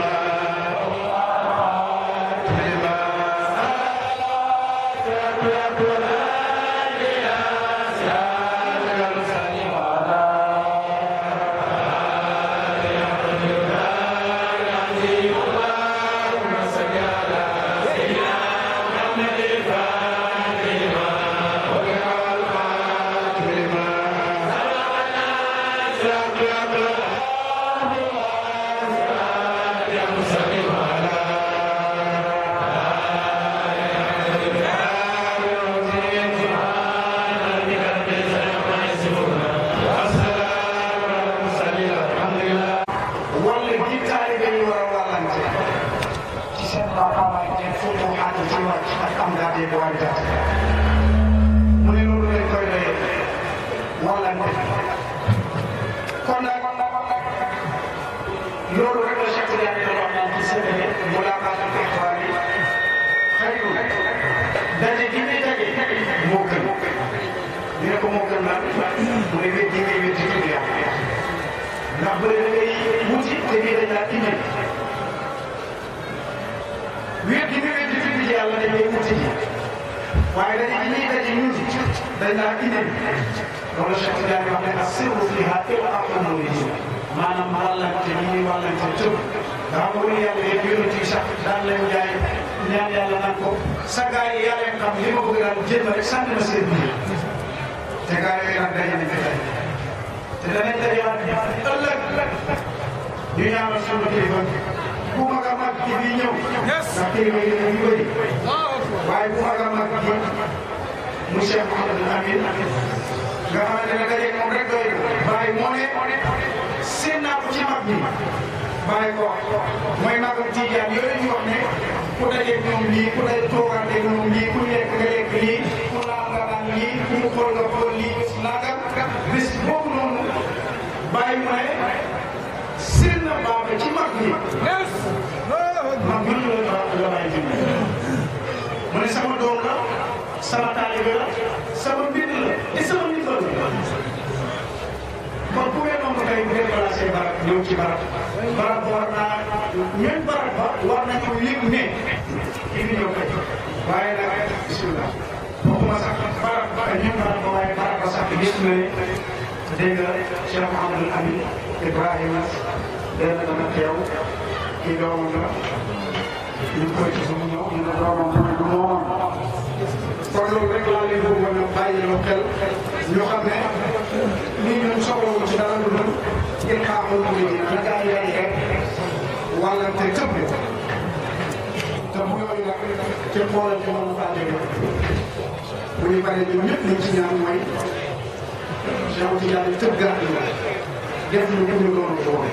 Touba dañ laa indi loolu Cheikh Tidiane wax ne asiru fiha ila aqamuni maanaam wàllante ñi ñuy wàllante tëb nga xam nga yàlla yeeg yonent yi sax daan leen jaay ñaan yàlla naan ko sa gars yi yaa leen xam li ma bëgg daal jéem rek sànni ma seen biir te gars yooyu nag daje nañ ko tey te danañ dajewaat ëllëg ñu ñaanal sunu kilifa bu mag a mag ki fii ñëw ndax kilifa yi dañuy bëri waaye bu mag a mag ki muy Cheikh Mouhamadou Amine nga xamante ne dajeeg moom rek doy bàyyi moo ne seen naa ko ci mag ñi bàyyi ko mooy magam yooyu ñu wax ne ku dajeeg ñoom lii ku day toogaante ñoom lii ku lekk nga lekk lii ku laal nga laal lii ku mu xool nga xool lii bés naka bés boobu noonu bàyyi mu ne seen na baaba ci mag ñi mag bi ñu la bàyyi mu ne sama doom la sama taalibe la sama mbir la te sama nit la kon bu dee noonu tey bu dee déplacé barab ñëw ci barab barab war naa même barab ba war nañu yëg ne kii bi ñëw tey waaye nag bisimilah waxuma sax barab ba ñun barab ba waaye barab ba sax gis na ne dégg nga Cheikh Mouhamadul Amin Ibrahima dégg nga dama teew kii doomam la ñu koy ci suñu ñëw ñu ne doomam mooy du moomam kon loolu rek laa leen bëggoon a bàyyiloo xel ñu xam ne lii ñun soxlawul ci dara lu dul il xaaxul mu yëngu na gaa yi dañuy def wàllante tëb bu yooyu nag te xoolal ci wàllu bàtte bi bu ñu paree ñun ñëpp liñ ci ñaan mooy ñoo ci yàlla tëb garab la def ñu bu ñu doon woon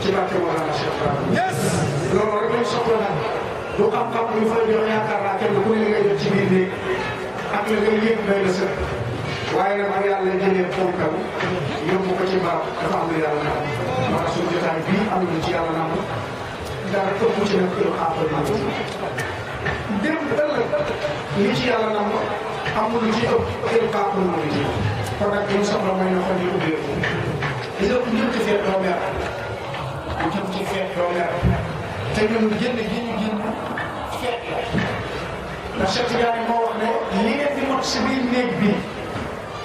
ci bàtte wala Cheikh Bara loolu rek lañ soxla du xam-xam bu ñu fa jox yaakaar naa kenn ku ne nga jot ci biir néeg ak la nga yëpp doy na sëkk waaye nag ak yàlla jëlee ponkal yóbbu ko ci barab dafa am lu yàlla nam maanaam suñu jotaay bii am na ci yàlla nam dara ëpp ci nag kër xaafal na ko démb ëllëg li ci yàlla nam amul lu ci ëpp kër xaafal na ci kon nag ñu soxla may na xol yi ubbeeku gis nga njëkk feet doo mer njëkk feet doo mer te ñun génn gi ñu génn fekk la ndax Cheikh Tidiane moo wax ne li ngeen di mot si biir néeg bi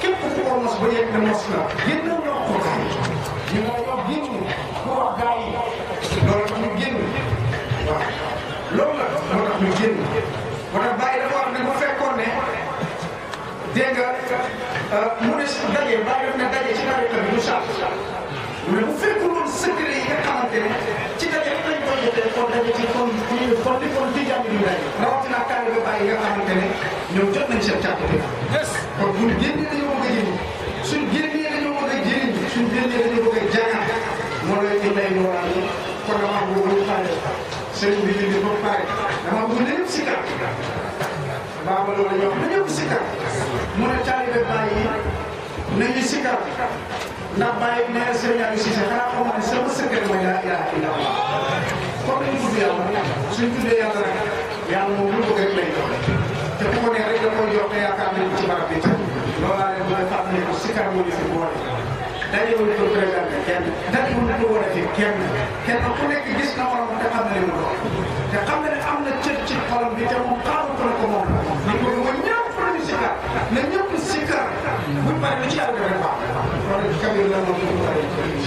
képp ku ko mos ba yegg mos na génn ñoo ko gaa yi ñu ne ñoo génn ku wax gaa yi loolu tax ñu génn waaw loolu la moo tax ñu génn moo tax bàyyi dafa wax ne bu fekkoon ne dégg nga euh, mu ne su daje bàyyi daf ne daje si nawet bi du sax mais bu fekkoon woon secret yi nga xamante ne ci daje dañ koy jotee kon daje ci kon kon li kon tijaan bi duñu daje rawatina kaay ba bàyyi nga xamante ne ñoom jot nañ seen càpp bi. kon bu ñu génnee dañoo bëgg a jëriñ suñ génnee dañoo bëgg a jëriñ suñ génnee dañoo bëgg a jaaxal moo lay ñu lay ñëwaat ñu kon damaa bëgg ñu pare sëriñ bi ñu ba pare damaa bëgg ñëpp si kàpp baaba loolu ñoo xam ne ñëpp si kàpp mu ne taalibe bàyyi nañu si kàpp ndax bàyyi bi nee na Serigne Aliou Cissé xanaa xaw ma ne sama secret mooy laa ilaha illa allah kon ñu tudd yàlla suñ tuddee yàlla rek yàlla moom lu bëgg rek lay jox te bu ko nee rek da koy jox te yaakaar nañ ko ci barab bi loolaa leen mooy fàttali ko si kàddu gi fi boole daje wuñ ko présenté kenn daje wuñ ko war a fi kenn kenn ku nekk gis na waram te xam ne mu doon te xam nga ne am na cër ci xolam bi te moom xaaru ko ne ko moom. ñu bëgg ko ñëpp ñu sikkar na ñëpp sikkar. bu ñu paree lu ci yàlla def rek baax na. loolu ci kaw yi la moom